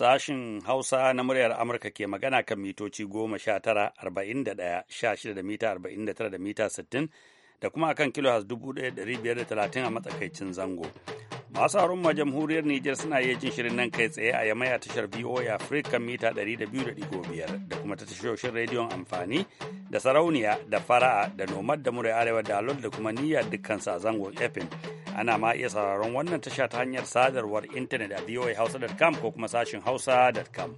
Sashin Hausa na muryar Amurka ke magana kan mitoci goma sha tara arba'in da ɗaya sha shida da mita arba'in da tara da mita sittin da kuma akan kilo has dubu ɗaya ɗari biyar da talatin a matsakaicin zango. Masu harun ma jamhuriyar Nijar suna iya jin shirin nan kai tsaye a yamaya tashar VOA Africa kan mita ɗari da biyu da ɗigo biyar da kuma ta tashoshin rediyon amfani da sarauniya da fara'a da nomad da murai arewa da da kuma niyyar dukkan sa zangon FM. ana ma iya sauraron wannan tasha ta hanyar sadarwar intanet a voahausa.com ko kuma sashin hausa.com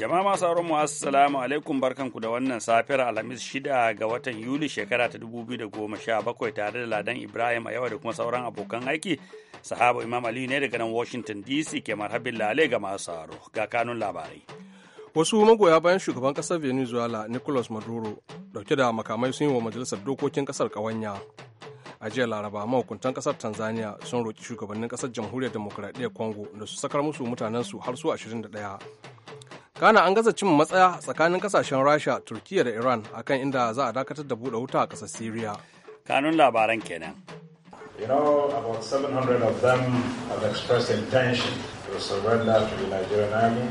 jama'a masu sauran mu assalamu alaikum barkanku da wannan safiyar alhamis shida ga watan yuli shekara ta da goma sha bakwai tare da ladan ibrahim a yawa da kuma sauran abokan aiki sahaba imam ali ne daga nan washington dc ke marhabin lale ga masu sauraro ga kanun labarai wasu magoya bayan shugaban kasar venezuela nicolas maduro dauke da makamai sun yi wa majalisar dokokin kasar kawanya a jiya laraba mahukuntan kasar tanzania sun roki shugabannin kasar jamhuriyar demokuraɗiyyar congo da su sakar musu mutanensu har su 21 kana an gaza cin matsaya tsakanin kasashen rasha turkiya da iran akan inda za a dakatar da buɗe wuta a ƙasar syria kanun labaran kenan You know, about 700 of them have expressed intention to surrender to the Nigerian army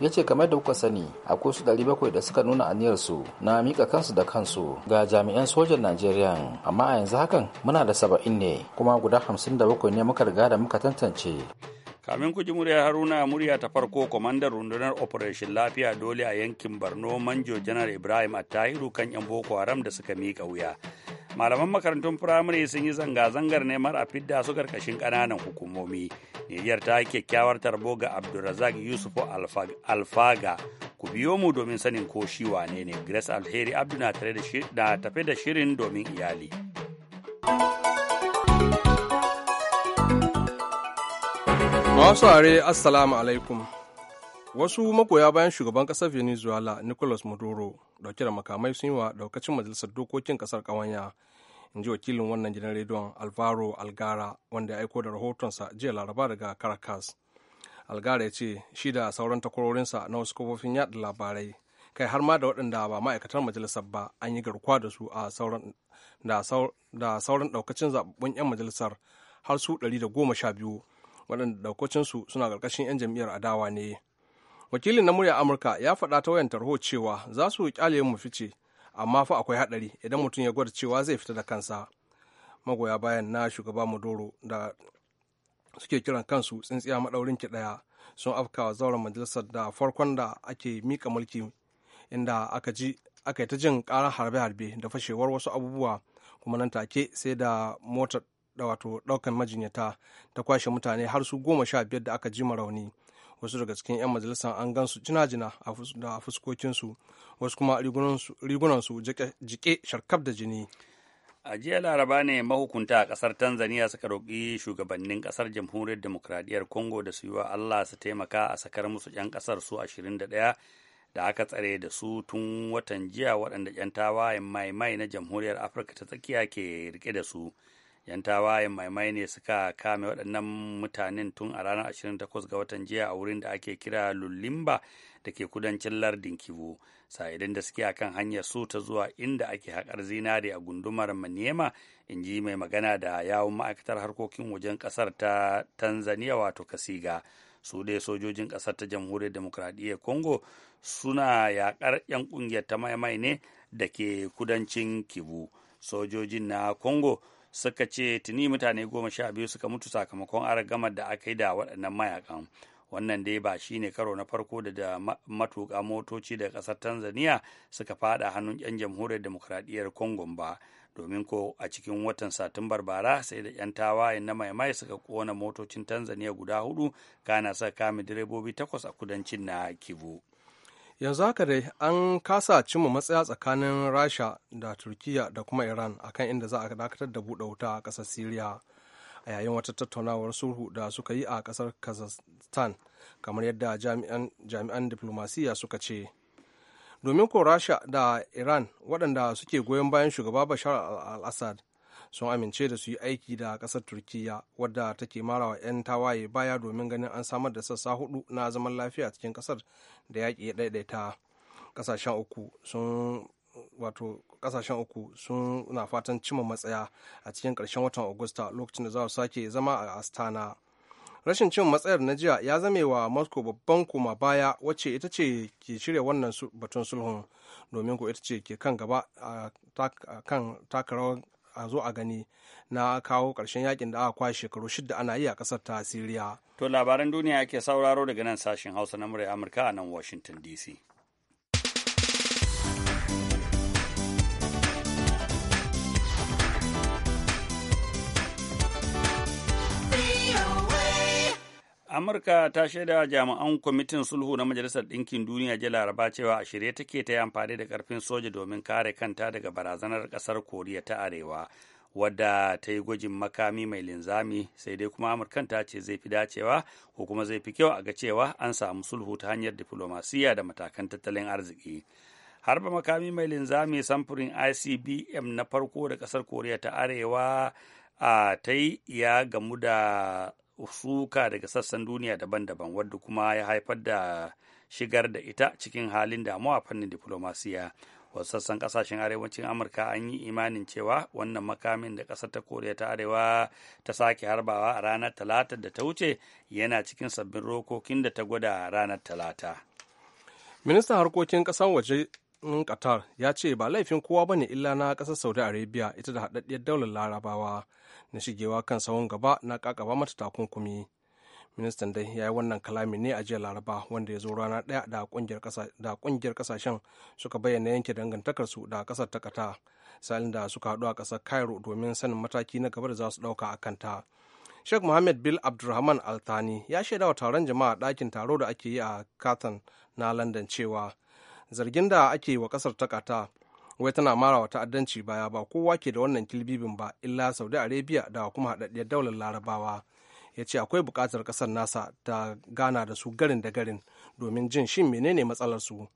ya ce kamar da kuka sani akwai su 700 da suka nuna aniyarsu na mika kansu da kansu ga jami'an sojan najeriya amma a yanzu hakan muna da 70 ne kuma guda 57 ne muka riga da muka tantance kamin ku ji muryar haruna murya ta farko kwamandan rundunar operation lafiya dole a yankin borno manjo janar ibrahim attahiru kan yan boko haram da suka miƙa wuya malaman makarantun firamare sun yi zanga-zangar neman a fidda su karkashin ƙananan hukumomi niyyar ta kyakkyawar tarbo ga abdulrazak yusuf alfaga ku biyo mu domin sanin ko shi wane ne grace alheri abdu na tafe da shirin domin iyali. Masu are Assalamu alaikum. Wasu magoya bayan shugaban ƙasar Venezuela Nicolas Maduro dauke da makamai sun yi wa daukacin majalisar dokokin ƙasar ƙawanya. In ji wakilin wannan gidan rediyon Alvaro Algara wanda ya aiko da rahotonsa jiya laraba daga Caracas. Algara ya ce shi da sauran takwarorinsa na wasu kafofin yaɗa labarai kai har ma da waɗanda ba ma'aikatar majalisar ba an yi garkuwa da su a sauran da sauran ɗaukacin zababbun 'yan majalisar har su 112 waɗanda ɗaukocinsu suna ƙarƙashin 'yan jam'iyyar adawa ne wakilin na murya amurka ya faɗa ta wayan tarho cewa za su ƙyale mu fice amma fa akwai haɗari idan mutum ya gwada cewa zai fita da kansa magoya bayan na shugaba maduro da suke kiran kansu tsintsiya maɗaurin ki ɗaya sun wa zauren majalisar da farkon da ake mika mulki inda aka ji aka yi ta jin ƙarar harbe-harbe da fashewar wasu abubuwa kuma nan take sai da motar da wato ɗaukan majinyata ta kwashe mutane har su goma sha biyar da aka jima rauni wasu daga cikin 'yan majalisar an gan su jina-jina da fuskokinsu wasu kuma rigunansu jike sharkaf da jini a jiya laraba ne mahukunta a kasar tanzania suka roƙi shugabannin kasar jamhuriyar demokradiyyar congo da su yi wa allah su taimaka a sakar musu 'yan kasar su 21 da aka tsare da su tun watan jiya waɗanda 'yan tawayen mai mai na jamhuriyar afirka ta tsakiya ke rike da su yan tawayen maimai ne suka kame waɗannan mutanen tun a ranar 28 ga watan jiya a wurin da ake kira lulimba da ke kudancin lardin kivu sa'idin da suke akan hanyar su ta zuwa inda ake haƙar zinare a gundumar manema in ji mai magana da yawun ma'aikatar harkokin wajen ƙasar ta tanzania wato kasiga su dai sojojin ƙasar ta jamhuriyar demokradiyyar congo suna yaƙar 'yan ƙungiyar ta maimai ne da ke kudancin kivu sojojin na congo suka ce tuni mutane goma sha biyu suka mutu sakamakon aragamar da aka yi da waɗannan mayakan wannan dai ba shi ne karo na farko da da matuƙa motoci daga ƙasar tanzania suka fada hannun 'yan jamhuriyar demokradiyyar congo ba domin ko a cikin watan satumbar bara sai da 'yan tawaye na maimai suka kona motocin tanzania guda hudu kana sa kame direbobi takwas a kudancin na kivu yanzu haka dai an kasa cimma matsaya tsakanin rasha da turkiya da kuma iran akan inda za a dakatar da buɗe wuta a ƙasar syria a yayin wata tattaunawar sulhu da suka yi a ƙasar kazakhstan kamar yadda jami'an diplomasiya suka ce domin ko rasha da iran waɗanda suke goyon bayan shugaba bashar al-assad sun amince da su yi aiki da ƙasar turkiya wadda take marawa 'yan tawaye baya domin ganin an samar da sassa hudu na zaman lafiya cikin ƙasar da yaƙi ya ɗaiɗaita ƙasashen uku sun kasashen uku sun na fatan cimma matsaya a cikin ƙarshen watan agusta lokacin da za su sake zama a astana rashin cin matsayar na jiya ya zame wa moscow babban koma baya wacce ita ce ke shirya wannan batun sulhun domin ko ita ce ke kan gaba a kan takarar a zo a gani na kawo ƙarshen yakin da aka kwashe shekaru shida ana yi a ƙasar ta Siriya. To labaran duniya ake sauraro daga nan sashen Hausa na murya Amurka a nan Washington DC. Amurka ta shaida jami'an kwamitin sulhu na Majalisar Ɗinkin Duniya jiya Laraba cewa a shirye take ta yi amfani da ƙarfin soja domin kare kanta daga barazanar kasar Koriya ta Arewa. wadda ta yi gwajin makami mai linzami sai dai kuma amurkan ta ce zai fi dacewa ko kuma zai fi kyau a ga cewa an samu sulhu ta hanyar diflomasiya da matakan tattalin arziki harba makami mai linzami samfurin icbm na farko da kasar koriya ta arewa a ta yi ya gamu da suka daga sassan duniya daban-daban wadda kuma ya haifar da shigar da ita cikin halin damuwa fannin diplomasiya wasu sassan kasashen arewacin amurka an yi imanin cewa wannan makamin da kasar ta koriya ta arewa ta sake harbawa a ranar talata da ta wuce yana cikin sabbin rokokin da ta gwada ranar talata ministan harkokin ƙasan waje qatar ya ce ba laifin kowa bane illa na kasar saudi arabia ita da haɗaɗɗiyar daular larabawa na shigewa kan sawon gaba na kakaba mata takunkumi ministan dai ya yi wannan kalami ne a jiya laraba wanda ya zo rana ɗaya da ƙungiyar ƙasashen suka bayyana yanke dangantakarsu da ƙasar ta kata salin da suka haɗu a ƙasar cairo domin sanin mataki na gaba da za su ɗauka a kanta sheikh mohammed bil abdulrahman altani ya shaida wa taron jama'a ɗakin taro da ake yi a katan na london cewa zargin da ake yi wa kasar ta kata wai tana marawa ta'addanci baya ba kowa ke da wannan kilbibin ba illa saudi arabia da kuma haɗaɗɗiyar daular larabawa ya ce akwai buƙatar ƙasar nasa ta gana da su garin da garin domin jin shin menene matsalar su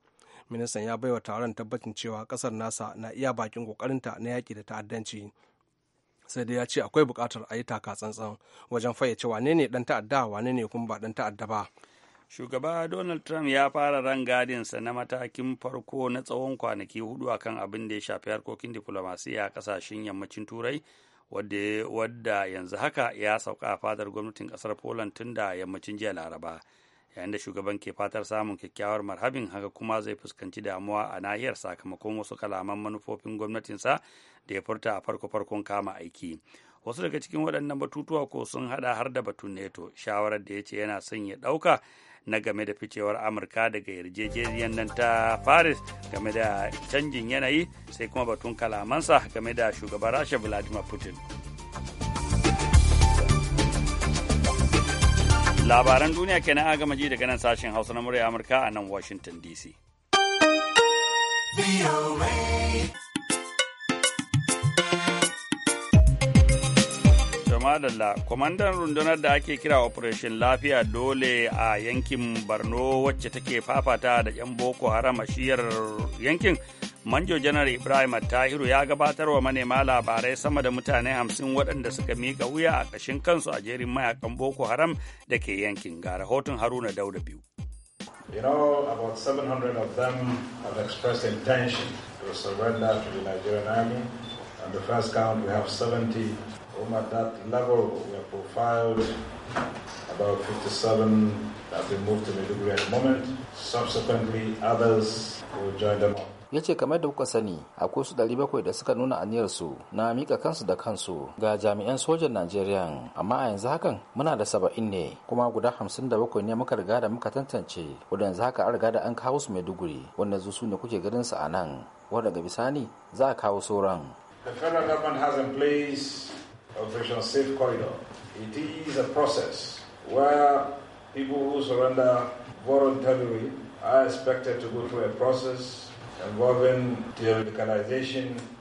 ministan ya baiwa taron tabbacin cewa ƙasar nasa na iya bakin ƙoƙarinta na yaƙi da ta'addanci sai dai ya ce akwai buƙatar a yi taka tsantsan wajen fayyace wane ne ɗan ta'adda wane ne kuma ba ɗan ta'adda ba shugaba donald trump ya fara rangadinsa na matakin farko na tsawon kwanaki hudu a kan abin da ya shafi harkokin diflomasiya a kasashen yammacin turai wadda yanzu haka ya sauka a fadar gwamnatin kasar poland tun da yammacin jiya laraba yayin da shugaban ke fatar samun kyakkyawar marhabin haka kuma zai fuskanci damuwa a nahiyar sakamakon wasu kalaman manufofin gwamnatinsa da ya furta a farko-farkon kama aiki wasu daga cikin waɗannan batutuwa ko sun hada har da batun neto shawarar da ya ce yana son ya ɗauka na game da ficewar amurka daga yarjejeniyar nan ta paris game da canjin yanayi sai kuma batun kalamansa game da shugaban rasha vladimir putin labaran duniya kenan gama ji daga nan sashen hausa na murya amurka a nan washington dc madalla kwamandan rundunar da ake kira operation lafiya dole a yankin barno wacce take fafata da 'yan boko haram a shiyar yankin manjo janar ibrahim tahiru ya gabatar wa manema labarai sama da mutane hamsin waɗanda suka mika wuya a ƙashin kansu a jerin mayakan boko haram da ke yankin ga rahoton haruna dauda biyu You know, about 700 of them have expressed intention to surrender to the Nigerian army. On the first count, we have 70 whom at that level have profiled about 57 that we moved to Maiduguri at the moment. Subsequently, others will join them ya ce kamar da kuka sani akwai su 700 da suka nuna su na mika kansu da kansu ga jami'an sojan najeriya amma a yanzu hakan muna da saba'in ne kuma guda 57 ne muka riga da muka tantance wadda yanzu haka riga da an kawo su maiduguri wanda zu su ne kuke ganin su a nan wadda ga bisani za a kawo sauran the federal government has in place Operation Safe Corridor. It is a process where people who surrender voluntarily are expected to go through a process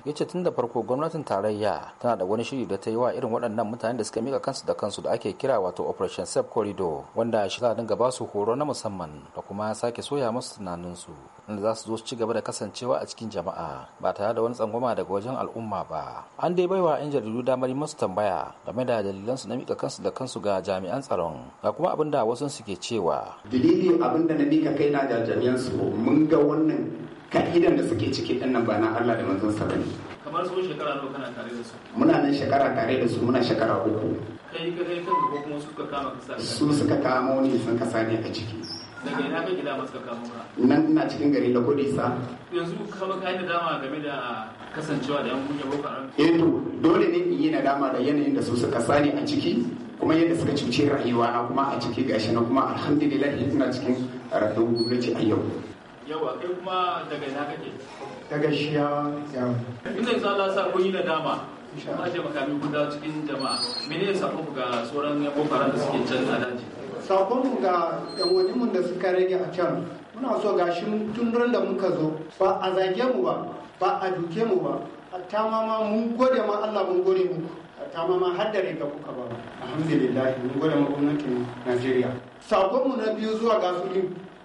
ya ce tun da farko gwamnatin tarayya tana da wani shiri da ta yi wa irin waɗannan mutanen da suka mika kansu da kansu da ake kira wato operation safe corridor wanda shi za dinga ba su horo na musamman da kuma sake soya musu tunaninsu inda za su zo su ci gaba da kasancewa a cikin jama'a ba tare da wani tsangwama daga wajen al'umma ba an dai baiwa 'yan jaridu damar yi musu tambaya game da dalilansu na mika kansu da kansu ga jami'an tsaron ga kuma abin da wasu suke cewa dalili abin da na mika kaina da jami'an su mun ga wannan ka'idan da suke ciki din nan ba na Allah da manzon sa bane kamar su shekara nawa kana tare da su muna nan shekara tare da su muna shekara uku kai kai kan ko kuma su suka kama kasa su suka kama ni sun kasa ne a ciki daga ina kai gida masu kama ka nan ina cikin gari na kodi sa yanzu kama kai da dama game da kasancewa da yan kunya boko haram eh to dole ne in yi nadama da yanayin da su suka ne a ciki kuma yadda suka cuce rayuwa na kuma a ciki gashi na kuma alhamdulillah ina cikin rayu na ci a yau yawa kai kuma daga ina kake daga shiyawa yawa inda yanzu Allah sa kun yi nadama kuma ce makami guda cikin jama'a mene ya sako ga sauran yan da suke can a daji sakon ga yan mun da suka rage a can muna so gashi tun ran da muka zo ba a zage mu ba ba a duke mu ba hatta ma ma mun gode ma Allah mun gode muku hatta ma ma har da riga kuka ba alhamdulillah mun gode ma gwamnatin Najeriya sakon mu na biyu zuwa ga su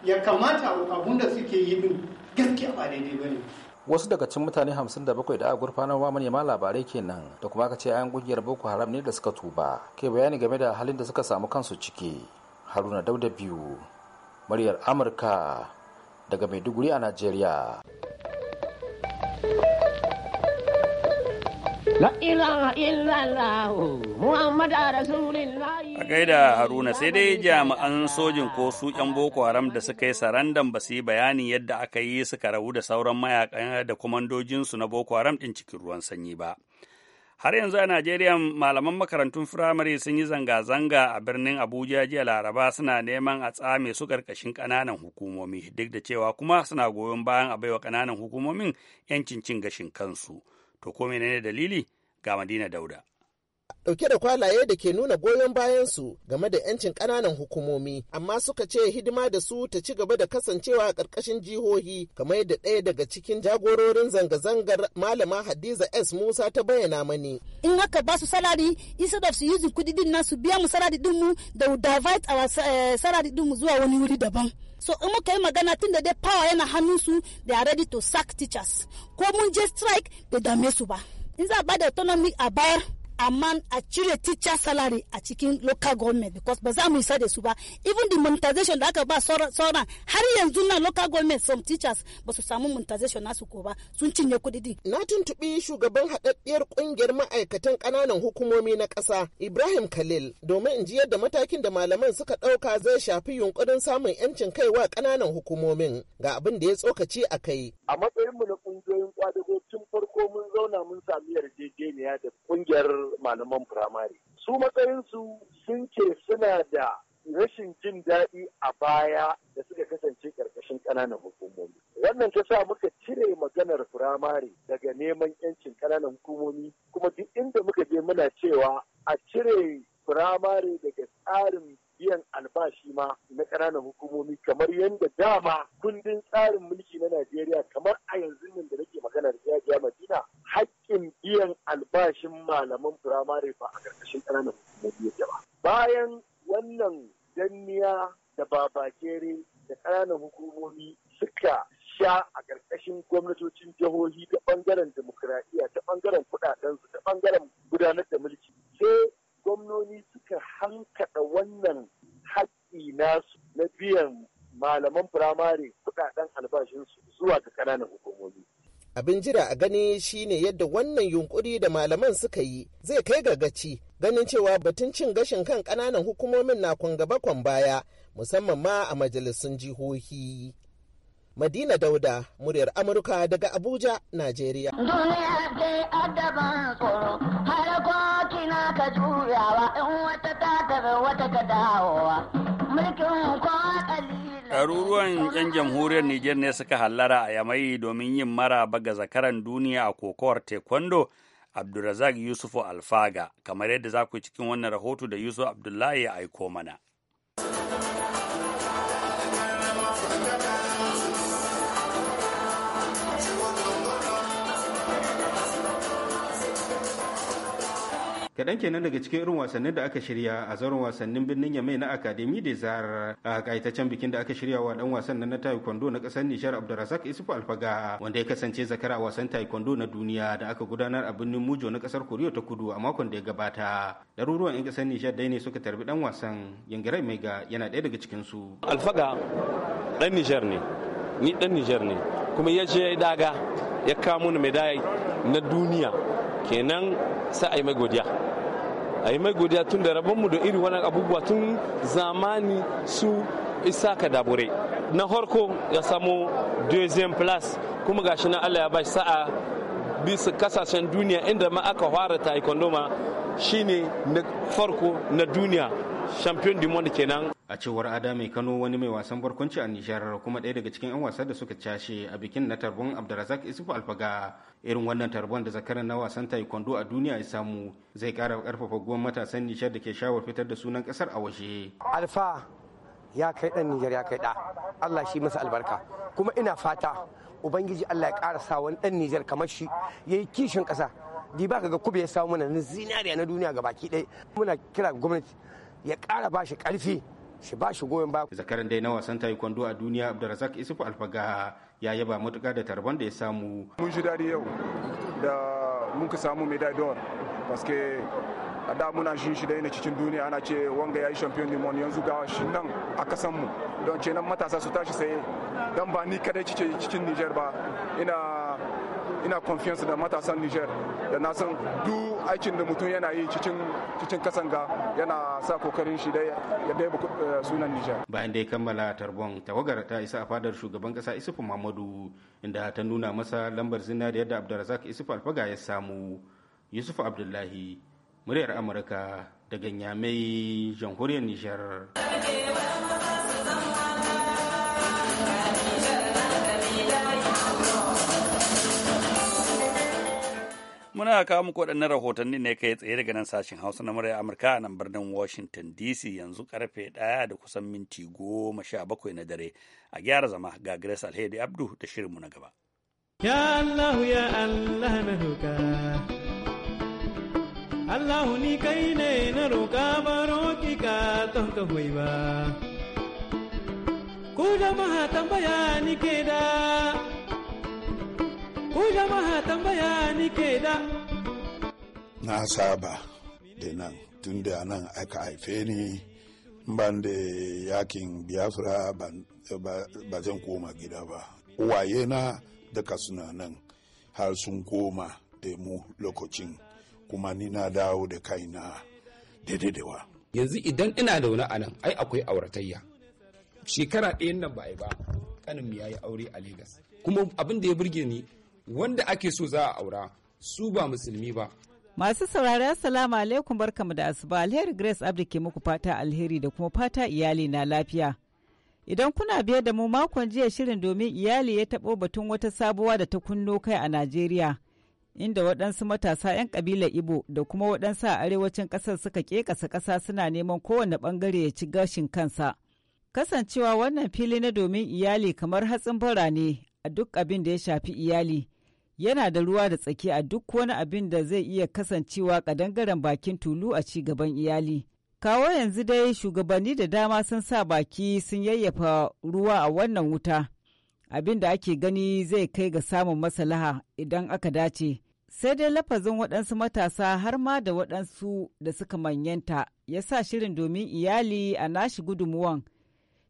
ya kamata abun da suke yi din gaskiya ba daidai ba ne wasu daga cikin mutane 57 da aka gurfanar wa manema labarai kenan da kuma aka ce ayan kungiyar boko haram ne da suka tuba ke bayani game da halin da suka samu kansu ciki haruna dauda biyu muryar amurka daga maiduguri a najeriya La ilaha illallah Muhammad Rasulullah. A gaida Haruna sai dai jami'an sojin ko su ƴan Boko Haram da suka yi sarandan ba su yi bayanin yadda aka yi suka rabu da sauran mayakan da kwamandojinsu na Boko Haram ɗin cikin ruwan sanyi ba. Har yanzu a Najeriya malaman makarantun firamare sun yi zanga-zanga a birnin Abuja jiya Laraba suna neman a tsame su ƙarƙashin ƙananan hukumomi duk da cewa kuma suna goyon bayan a baiwa ƙananan hukumomin 'yancin cin gashin kansu. to ko menene dalili ga madina dauda dauke da kwalaye da ke nuna goyon bayansu game da 'yancin kananan hukumomi, amma suka ce hidima da su ta ci gaba da kasancewa a ƙarƙashin jihohi kamar yadda ɗaya daga cikin jagororin zanga-zangar malama Hadiza S. Musa ta bayyana mani. In aka ba su salari, instead of su using kuɗi din nasu biya mu salari din mu da divide our eh, salari din mu zuwa wani wuri daban. So in muka yi magana tun da dai power yana hannunsu, they are ready to sack teachers. Ko mun je strike bai dame su ba. In za a ba da autonomy a bayar, amma a cire teacher salary a cikin local government because ba za mu isa da su ba even the monetization da aka ba sauran har yanzu na local government some teachers ba su samu monetization nasu ko ba sun cinye kuɗi na tuntuɓi shugaban haɗaɗɗiyar ƙungiyar ma'aikatan ƙananan hukumomi na ƙasa ibrahim khalil domin in ji yadda matakin da malaman suka ɗauka zai shafi yunƙurin samun 'yancin wa ƙananan hukumomin ga abin da ya tsokaci a kai a matsayin matsayinmu na ƙungiyoyin kwadago tun farko mun zauna mun sami yarjejeniya da ƙungiyar malaman firamare su matsayinsu sun ce suna da rashin jin daɗi a baya da suka kasance ƙarƙashin ƙananan hukumomi wannan ta sa muka cire maganar firamare daga neman 'yancin ƙananan hukumomi kuma duk inda muka je muna cewa a cire firamare daga tsarin biyan albashi ma na ƙananan hukumomi kamar yadda dama kundin tsarin mulki na Najeriya kamar a yanzu nan da nake maganar Jajiya Madina haƙƙin biyan albashin malaman firamare ba a ƙarƙashin ƙananan hukumomi yake ba. Bayan wannan danniya da babakere da ƙananan hukumomi suka sha a ƙarƙashin gwamnatocin jihohi ta ɓangaren demokuraɗiyya ta ɓangaren kuɗaɗensu ta ɓangaren gudanar da mulki sai gwamnoni suka hankaɗa wannan haƙƙi nasu na biyan malaman firamare kuɗaɗen albashinsu zuwa ga ƙananan hukumomi abin jira a gani shine yadda wannan yunkuri da malaman suka yi zai kai ga ganin cewa batun cin gashin kan ƙananan hukumomin na kwan baya musamman ma a majalisun jihohi Madina Dauda, muryar Amurka daga Abuja, Najeriya. Duniya dai adaban tsoro, har ka juyawa in wata ta wata ta dawowa. Ɗaruruwan 'yan jamhuriyar Nijar ne suka hallara a yamai domin yin maraba ga zakaran duniya a kokowar taekwondo Abdulrazak Yusufu Alfaga, kamar yadda za ku cikin wannan rahoto da Yusuf Abdullahi ya aiko mana. kaɗan kenan daga cikin irin wasannin da aka shirya a zauren wasannin birnin yamai na akademi da zarar a ƙaitaccen bikin da aka shirya wa ɗan wasan na taekwondo na ƙasar nishar abdulrazak isufu alfaga wanda ya kasance zakara wasan taekwondo na duniya da aka gudanar a birnin mujo na ƙasar koriya ta kudu a makon da ya gabata ɗaruruwan 'yan ƙasar nishar dai ne suka tarbi ɗan wasan yangarai mai ga yana ɗaya daga cikinsu alfaga ɗan nijar ne ni ɗan nijar ne kuma ya je daga ya kawo na duniya kenan sai a yi mai godiya a yi mai godiya tun da rabonmu da irin wannan abubuwa tun zamani su isaka dabure na harko ya samu deuxième place kuma gashi na allah ya bashi sa'a bisa kasashen duniya inda ma aka fara taekwondo ma shine na farko na duniya champion du monde kenan a cewar ada mai kano wani mai wasan barkwanci a nishar kuma ɗaya daga cikin 'yan wasa da suka cashe a bikin na tarbon abdulrazak isufu alfaga irin wannan tarbon da zakaran na wasan taekwondo a duniya ya samu zai kara karfafa guwan matasan nishar da ke shawar fitar da sunan ƙasar a waje alfa ya kai ɗan nijar ya kai da allah shi masa albarka kuma ina fata ubangiji allah ya kara sa wani dan nijar kamar shi ya yi kishin kasa di ba ga kube ya samu mana zinariya na duniya ga baki ɗaya muna kira gwamnati ya kara bashi karfi. shi ba shi goyon ba. Zakaran dai na wasan taekwondo a duniya Abdulrazak Isufu Alfaga ya yaba matuƙa da tarban da ya samu. Mun ji daɗi yau da ka samu medal d'or paske a da muna shi shi dai na cikin duniya ana ce wanga ya yi champion limon yanzu ga shi nan a kasan mu don ce nan matasa su tashi saye dan ba ni kadai cikin Niger ba ina ina confiance da matasan niger da na san du aikin da mutum yana yi cikin kasan ga yana sa kokarin shi da ya dai eh, sunan niger bayan da ya kammala tarbon tawagar ta isa a fadar shugaban kasa isufu mamadu inda ta nuna masa lambar zinna da abdulrazak isufu alfaga ya samu yusuf abdullahi muryar amurka daga nyamai jamhuriyar niger. Muna kawo muku waɗannan rahotanni ne kai tsaye daga nan sashen Hausa na murya Amurka a nan birnin Washington DC yanzu karfe ɗaya da kusan minti goma sha bakwai na dare. A gyara zama ga Grace Alheri Abdu da shirinmu na gaba. Ya Allah ya Allah na roƙa. Allah ni kai ne na roƙa ba roƙi ka ton ka hoyi ba. Ku jama'a tambaya ni ke da. Ku jama'a tambaya ni da. Na saba da nan tun da nan aka haife ni ban da yakin biyafra ba zan koma gida ba. waye na daga suna nan har sun koma da mu lokacin kuma ni na dawo da kaina wa. Yanzu idan ina da wani anan ai akwai auratayya. Shekara ɗayan nan ba a yi ba, kanin ya yi aure a lagos Kuma abin da ya burge ni wanda ake so za a aura su ba musulmi ba Masu saurari Assalamu alaikum barkamu da asuba alheri Grace Abdi ke muku fata alheri da kuma fata iyali na lafiya. Idan kuna biye da mu makon jiya shirin domin iyali ya taɓo batun wata sabuwa da ta kunno kai a Najeriya. Inda waɗansu matasa 'yan ƙabilar Ibo da kuma waɗansu a arewacin ƙasar suka ƙeƙasa ƙasa suna neman kowane ɓangare ya ci gashin kansa. Kasancewa wannan fili na domin iyali kamar hatsin bara ne a duk abin da ya shafi iyali. yana da ruwa da tsaki a duk wani abin da zai iya kasancewa kadangaren bakin tulu a ci gaban iyali. Kawo yanzu dai shugabanni da dama sun sa baki sun yayyafa ruwa a wannan wuta. Abin da ake gani zai kai ga samun maslaha idan aka dace. Sai dai lafazin waɗansu matasa har ma da waɗansu da suka manyanta ya sa shirin domin iyali a nashi gudunmuwan.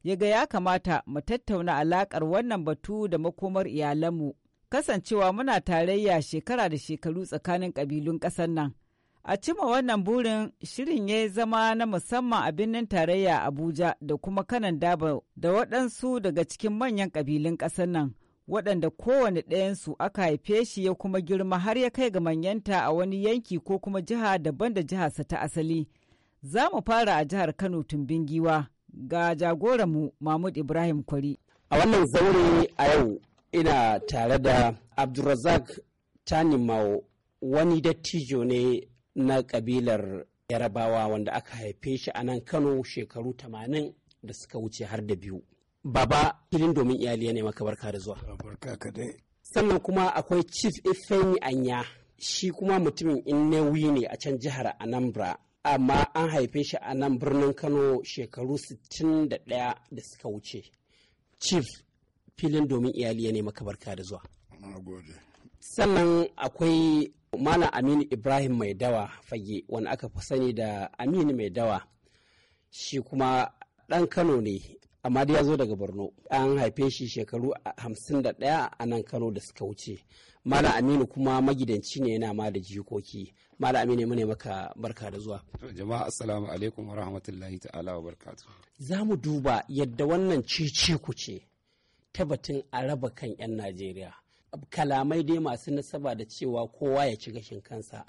yaga ya kamata mu tattauna alaƙar wannan batu da makomar iyalanmu kasancewa muna tarayya shekara da shekaru tsakanin ƙabilun ƙasar nan. A cima wannan burin shirin ya zama na musamman a birnin tarayya Abuja da kuma kanan daba da waɗansu daga cikin manyan ƙabilun ƙasar nan waɗanda kowane ɗayansu aka haife shi ya kuma girma har ya kai ga manyanta a wani yanki ko kuma jiha daban da jiharsa ta asali. Za mu fara a jihar Kano tumbin giwa ga jagoranmu Mahmud Ibrahim Kwari. A wannan zaure a yau ina tare da abdulrazak tanimau wani dattijo ne na kabilar yarabawa wanda aka haife shi a nan kano shekaru 80 da suka wuce har da biyu baba filin domin iyali ne maka barka da zuwa sannan kuma akwai chief ifeanyi anya shi kuma mutumin innewi ne a can jihar anambra amma an haife shi a nan birnin kano shekaru 61 da suka wuce chief filin domin iyali ya nema barka da zuwa. Sannan akwai Malam Aminu Ibrahim Mai Dawa fage wanda aka fi sani da Aminu Mai Dawa shi kuma ɗan Kano ne amma ya zo daga Borno an haife shi shekaru hamsin da ɗaya a nan Kano da suka wuce. Malam Aminu kuma magidanci ne yana ma da jikoki. Malam Aminu mune maka barka da zuwa. Jama'a assalamu alaikum wa rahmatullahi ta'ala wa barkatu. Za mu duba yadda wannan cece ku ce ta batun a raba kan 'yan Najeriya. Kalamai dai masu nasaba da cewa kowa ya ci gashin kansa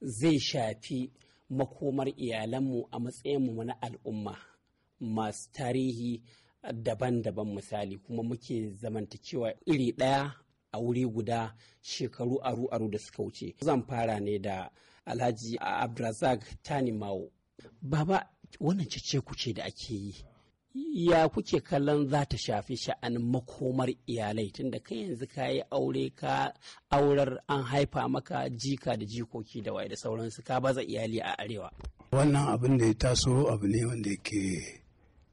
zai shafi makomar iyalanmu a matsayinmu na al'umma masu tarihi daban-daban misali kuma muke zamantakewa iri ɗaya a wuri guda shekaru aru-aru da suka wuce. Zan fara ne da Alhaji tani Tanimawo. Baba wannan cece kuce da ake yi ya kuke kallon za ta shafi sha'anin makomar iyalai tunda kai yanzu ka yi aure ka aurar an haifa maka jika da jikoki da waye da sauransu ka baza iyali a arewa wannan abin da ya taso abu ne wanda yake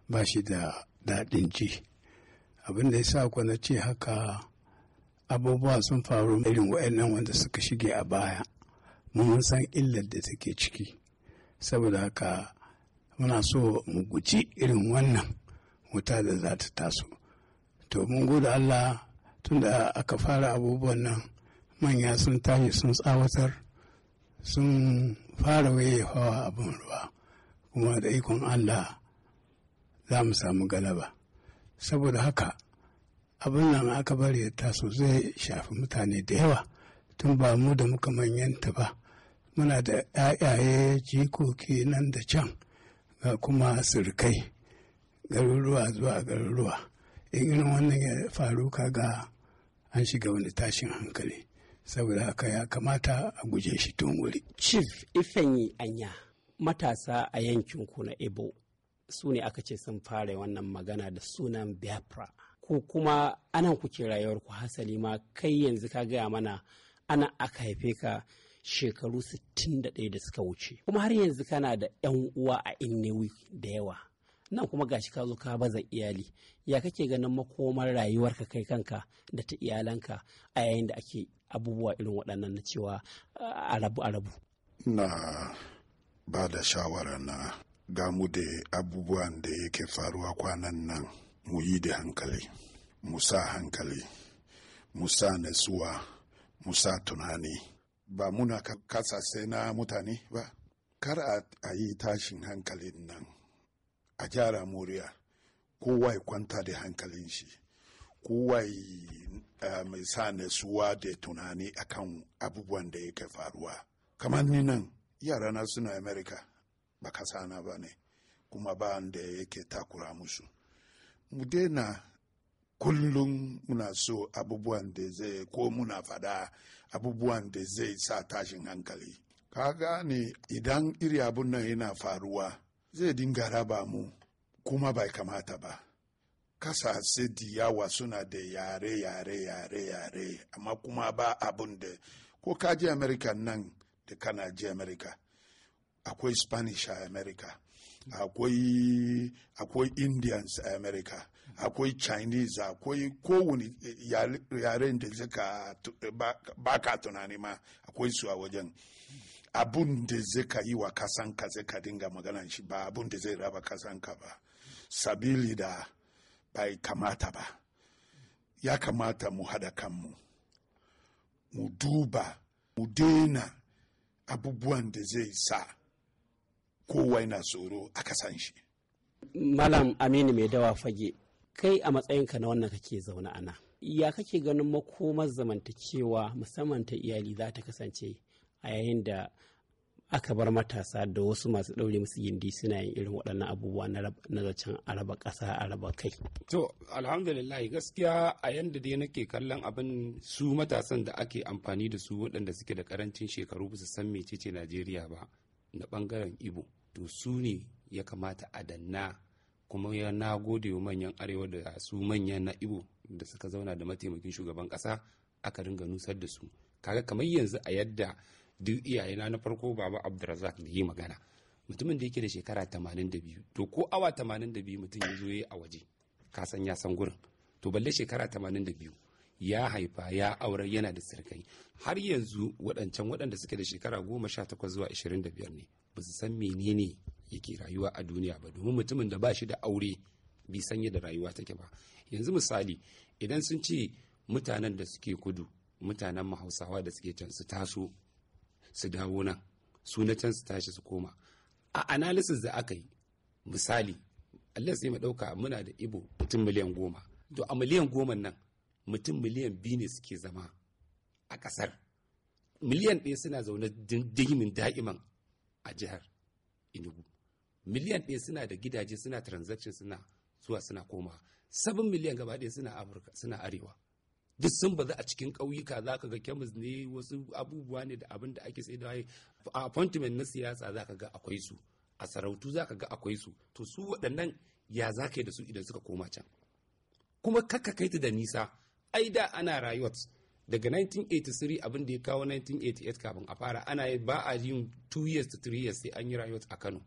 ba shi da daɗin ji abin da ya sa na ce haka abubuwa sun faru irin wa'annan wanda suka shige a baya mun san illar da take ciki saboda haka muna so mu guji irin wannan wuta da za ta taso to mun gode allah tun da aka fara abubuwan nan manya sun tashi sun tsawatar sun fara waye hawa abin ruwa kuma da ikon allah za mu samu galaba saboda haka abin nan aka bari ya taso zai shafi mutane da yawa tun ba mu da muka manyanta ba muna da 'ya'yaye jikoki nan da can ga kuma surkai garuruwa zuwa garuruwa irin wannan ya faru kaga an shiga wani tashin hankali saboda haka ya kamata a guje shi tun wuri. chief ifenyi anya matasa a yankin ku na ibo su ne aka ce sun fara wannan magana da sunan biafra ku kuma anan kuke rayuwar ku hasali ma kai yanzu ka gaya mana ana aka haife ka shekaru 61 da suka wuce kuma har yanzu kana da 'yan uwa a innewi da yawa nan kuma gashi ka zo ka baza iyali ya kake ganin makomar rayuwarka kai kanka da ta iyalanka a yayin da ake abubuwa irin waɗannan na cewa arabu arabu na ba da shawara na gamu da abubuwan da yake faruwa kwanan nan mu yi da hankali musa hankali musa sa natsuwa mu tunani ba muna sai na mutane ba kar a yi tashin hankalin nan a gyara moriya kowa ya kwanta da hankalin shi kowa ya mai sa nasuwa da tunani akan abubuwan da yake faruwa kamar ni nan yara na suna america ba kasana ba ne kuma ba da yake takura musu mu daina kullum muna so abubuwan da zai ko muna fada abubuwan da zai sa tashin hankali ka gane idan iri abun nan yana faruwa zai dinga raba mu kuma bai kamata ba kasa kasashe diyawa suna da yare yare yare yare amma kuma ba abun da ko ka je america nan da kana je america akwai spanish a america akwai akwai indians a america akwai chinese akwai kowani yaren da zaka baka tunani ma akwai su a wajen abun da zaka yi wa kasanka zaka dinga maganan shi ba abun da zai raba kasanka ba sabili da bai kamata ba ya kamata mu hada kanmu mu duba mu daina abubuwan da zai sa kowa yana tsoro a kasan shi malam aminu mai dawa fage kai a matsayinka na wannan kake zaune a nan ya kake ganin makomar zamantakewa musamman ta iyali za ta kasance a yayin da aka bar matasa da wasu masu ɗaure musu gindi suna yin irin waɗannan abubuwa na zancen araba ƙasa araba kai. To alhamdulillah gaskiya a yadda dai nake kallon abin su matasan da ake amfani da su waɗanda suke da ƙarancin shekaru ba su san mecece Najeriya ba. na bangaren ibo to su ne ya kamata a danna kuma ya na gode wa manyan arewa da su manyan na ibo da suka zauna da mataimakin shugaban kasa aka ringa nusar da su kaga kamar yanzu a yadda duk iyayena na farko baba abdulrazak da yi magana mutumin da yake da shekara 82 to ko awa 82 mutum ya zo ya a waje ka san ya san gurin to balle shekara 82 ya haifa ya aure yana da sirkai har yanzu waɗancan waɗanda suke da shekara goma sha takwas zuwa ashirin da biyar ne ba su san menene yake rayuwa a duniya ba domin mutumin da ba shi da aure bai san yadda rayuwa take ba yanzu misali idan sun ce mutanen da suke kudu mutanen mahausawa da suke can su taso su dawo nan su na can su tashi su koma a analysis da aka yi misali Allah sai mu ɗauka muna da ibo mutum miliyan goma to a miliyan goma nan mutum miliyan biyu ne suke zama a ƙasar miliyan ɗaya suna zaune dimin da'iman a jihar inugu miliyan ɗaya suna da gidaje suna transaction suna zuwa suna komawa sabon miliyan gaba ɗaya suna afirka suna arewa duk sun bazu a cikin ƙauyuka za ka ga kemis ne wasu abubuwa ne da abin da ake sai da a appointment na siyasa za ka ga akwai su a sarautu za ka ga akwai su to su waɗannan ya za ka yi da su idan suka koma can kuma kakka kai ta da nisa ai da ana rayuwat daga 1983 abin da ya kawo 1988 kafin a fara ana yi ba a yin 2 years to 3 years sai an yi rayuwat a Kano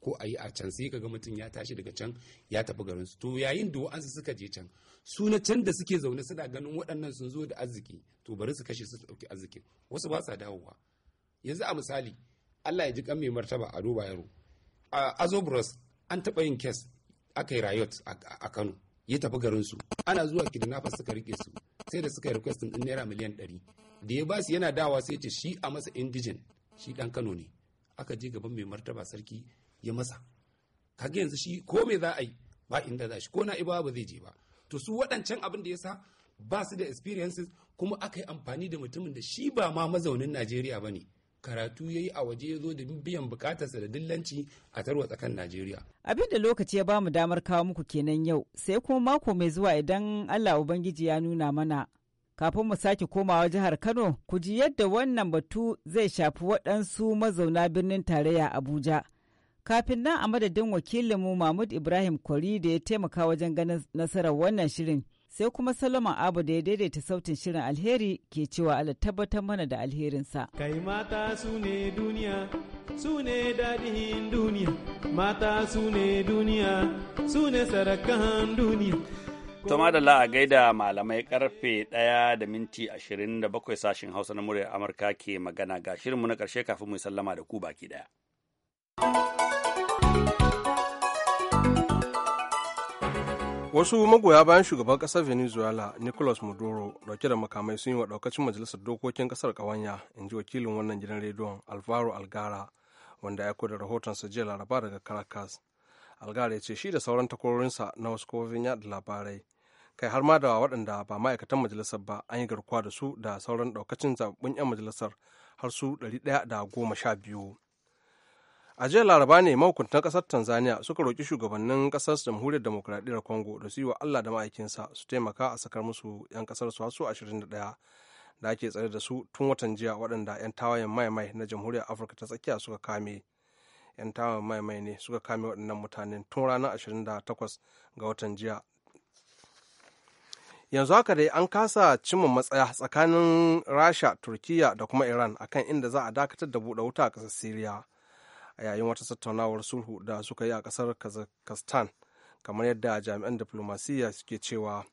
ko a yi a can sai kaga mutum ya tashi daga can ya tafi garin su to yayin da wa'ansu suka je can su na can da suke zaune suna ganin waɗannan sun zo da arziki to bari su kashe su ɗauki arzikin wasu ba sa dawowa yanzu a misali Allah ya ji kan mai martaba a duba yaro a azobros an taɓa yin kes aka yi riot a Kano ya tafi garin su ana zuwa kidnappers suka rike su sai da suka yi requestin din naira miliyan 100 da ya basu yana dawa sai ce shi a masa indigen shi dan Kano ne aka je gaban mai martaba sarki ya masa kage yanzu shi ko me za a yi ba inda za shi ko na ibawa ba zai je ba to su waɗancan abin da ya sa ba su da experiences kuma aka yi amfani da mutumin da shi ba ma mazaunin Najeriya ba ne karatu ya yi a waje ya zo da biyan bukatarsa da dillanci a tarwa kan Najeriya. Abin da lokaci ya bamu damar kawo muku kenan yau sai kuma mako mai zuwa idan Allah Ubangiji ya nuna mana. Kafin mu sake komawa jihar Kano, ku ji yadda wannan batu zai shafi waɗansu mazauna birnin tarayya Abuja. Kafin nan a madadin wakilinmu Mahmud Ibrahim Kwari da ya taimaka wajen ganin nasarar wannan shirin. sai kuma Solomon Abu da ya daidaita sautin shirin alheri ke cewa Allah tabbatar mana da alherinsa. Kai mata su ne duniya, su ne daɗin duniya, mata su ne duniya, su ne sarakan duniya. Tuma da la'a gaida malamai karfe ɗaya da minti ashirin da bakwai sashen Hausa na muryar Amurka ke magana ga shirinmu na ƙarshe kafin mu sallama da ku baki ɗaya. wasu magoya bayan shugaban kasar venezuela nicolas maduro dauke da makamai sun yi wa daukacin majalisar dokokin kasar kawanya in ji wakilin wannan gidan rediyon alvaro algara wanda ya da rahotonsa jiya laraba daga caracas algara ya ce shi da sauran takwarorinsa na wasu kofofin yada labarai kai har ma da waɗanda ba ma'aikatan majalisar ba an yi garkuwa da su da sauran daukacin zaɓaɓɓun 'yan majalisar har su 112 a jiya laraba ne mahukuntan kasar tanzania suka roƙi shugabannin kasar jamhuriyar demokuraɗiyyar congo da su yi wa allah da ma'aikinsa su taimaka a sakar musu 'yan kasar su hasu 21 da ake tsare da su tun watan jiya waɗanda 'yan tawayen maimai na jamhuriyar afirka ta tsakiya suka kame 'yan tawayen maimai ne suka kame waɗannan mutane tun ranar 28 ga watan jiya yanzu haka dai an kasa cimma matsaya tsakanin rasha turkiya da kuma iran akan inda za a dakatar da buɗe wuta a ƙasar siriya a yayin wata tattaunawar sulhu da suka yi a kasar kazakhstan kamar yadda jami'an diplomasiya suke cewa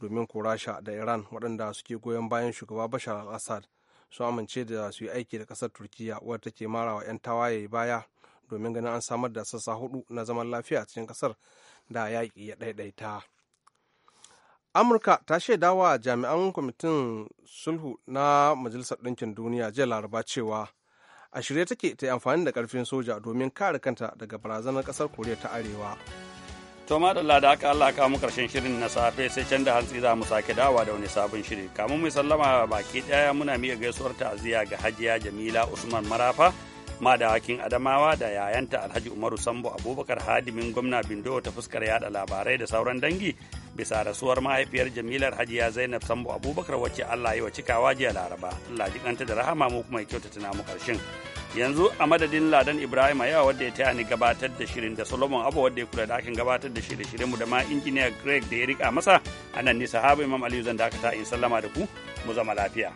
domin rasha da iran waɗanda suke goyon bayan shugaba bashar al-assad sun amince da su yi aiki da kasar turkiyya wadda take marawa 'yan tawaye baya domin ganin an samar da sassa hudu na zaman lafiya cikin kasar da yaƙi ya ɗaiɗaita amurka ta shaidawa jami'an kwamitin sulhu na majalisar ɗinkin duniya jiya laraba cewa a shirye take ta yi amfani da karfin soja domin kare kanta daga barazanar kasar koriya ta arewa to madalla da aka Allah kamu karshen shirin na safe sai can da hantsi za mu sake dawa da wani sabon shiri kamun mai sallama baki daya muna miya gaisuwar ta'aziyya ga hajiya jamila usman marafa madawakin adamawa da yayanta alhaji umaru sambo abubakar hadimin gwamna bindo ta fuskar yada labarai da sauran dangi bisa rasuwar mahaifiyar jamilar hajiya zainab sambo abubakar wacce allah yi wa cikawa jiya laraba allah kanta da rahama mu kuma kyauta tuna mu karshen yanzu a madadin ladan ibrahim yawa wadda ya taya ni gabatar da shirin da solomon abu wadda ya kula da akin gabatar da shirye mu da ma injiniya greg da ya rika masa anan ni sahabu imam aliyu zan dakata in sallama da ku mu zama lafiya